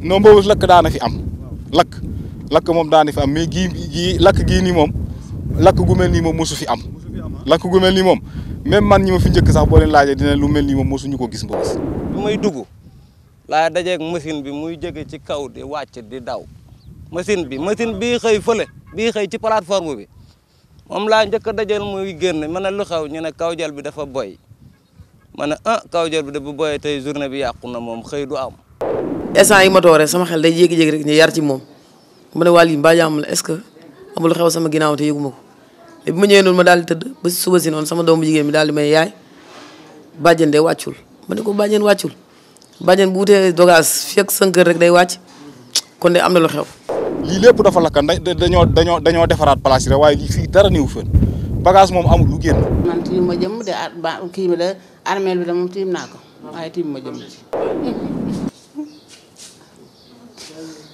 non Mbëbës lakk daana fi am lakk lakk moom daana fi am mais gii gii lakk gii nii moom lakk gu mel nii moom mosu fi am lakk gumel mel moom même man ñi ma fi njëkk sax boo leen laajee dina lu mel nii moom mosuñu ko gis Mbëbës bu may dugg laa dajeeg machine bi muy jege ci kaw di wàcc di daw machine bi machine bi xëy fële bii xëy ci plateforme bi moom laa njëkk a dajal muy génn ma ne lu xew ñu ne kaw jal bi dafa boy ma ne a ah, kaw jal bi dafa boy tey journée bi yàqu na moom xëy du am instant yi ma tooree sama xel day jékki-jékki rek ñu yar ci moom mu ne waa lii mbaa jàmm la est que amul xew sama ginnaaw te yëguma ko ma ñëwee ma daal di tëdd ba suba si noonu sama doomu jigéen bi daal may yaay bàjjen de wàccul ma ne ko bàjjen wàccul bàjjen bu wutee dogaas fii ak 5 rek day wàcc kon de am na lu xew. lii lépp dafa lakkan dañoo dañoo dañoo defaraat place yi rek waaye lii fii dara néew fën bagage moom amul lu génn. man tiim ma jëm de kii bi armeel bi de moom tiim naa ko waaye tiim ma jëm Amen.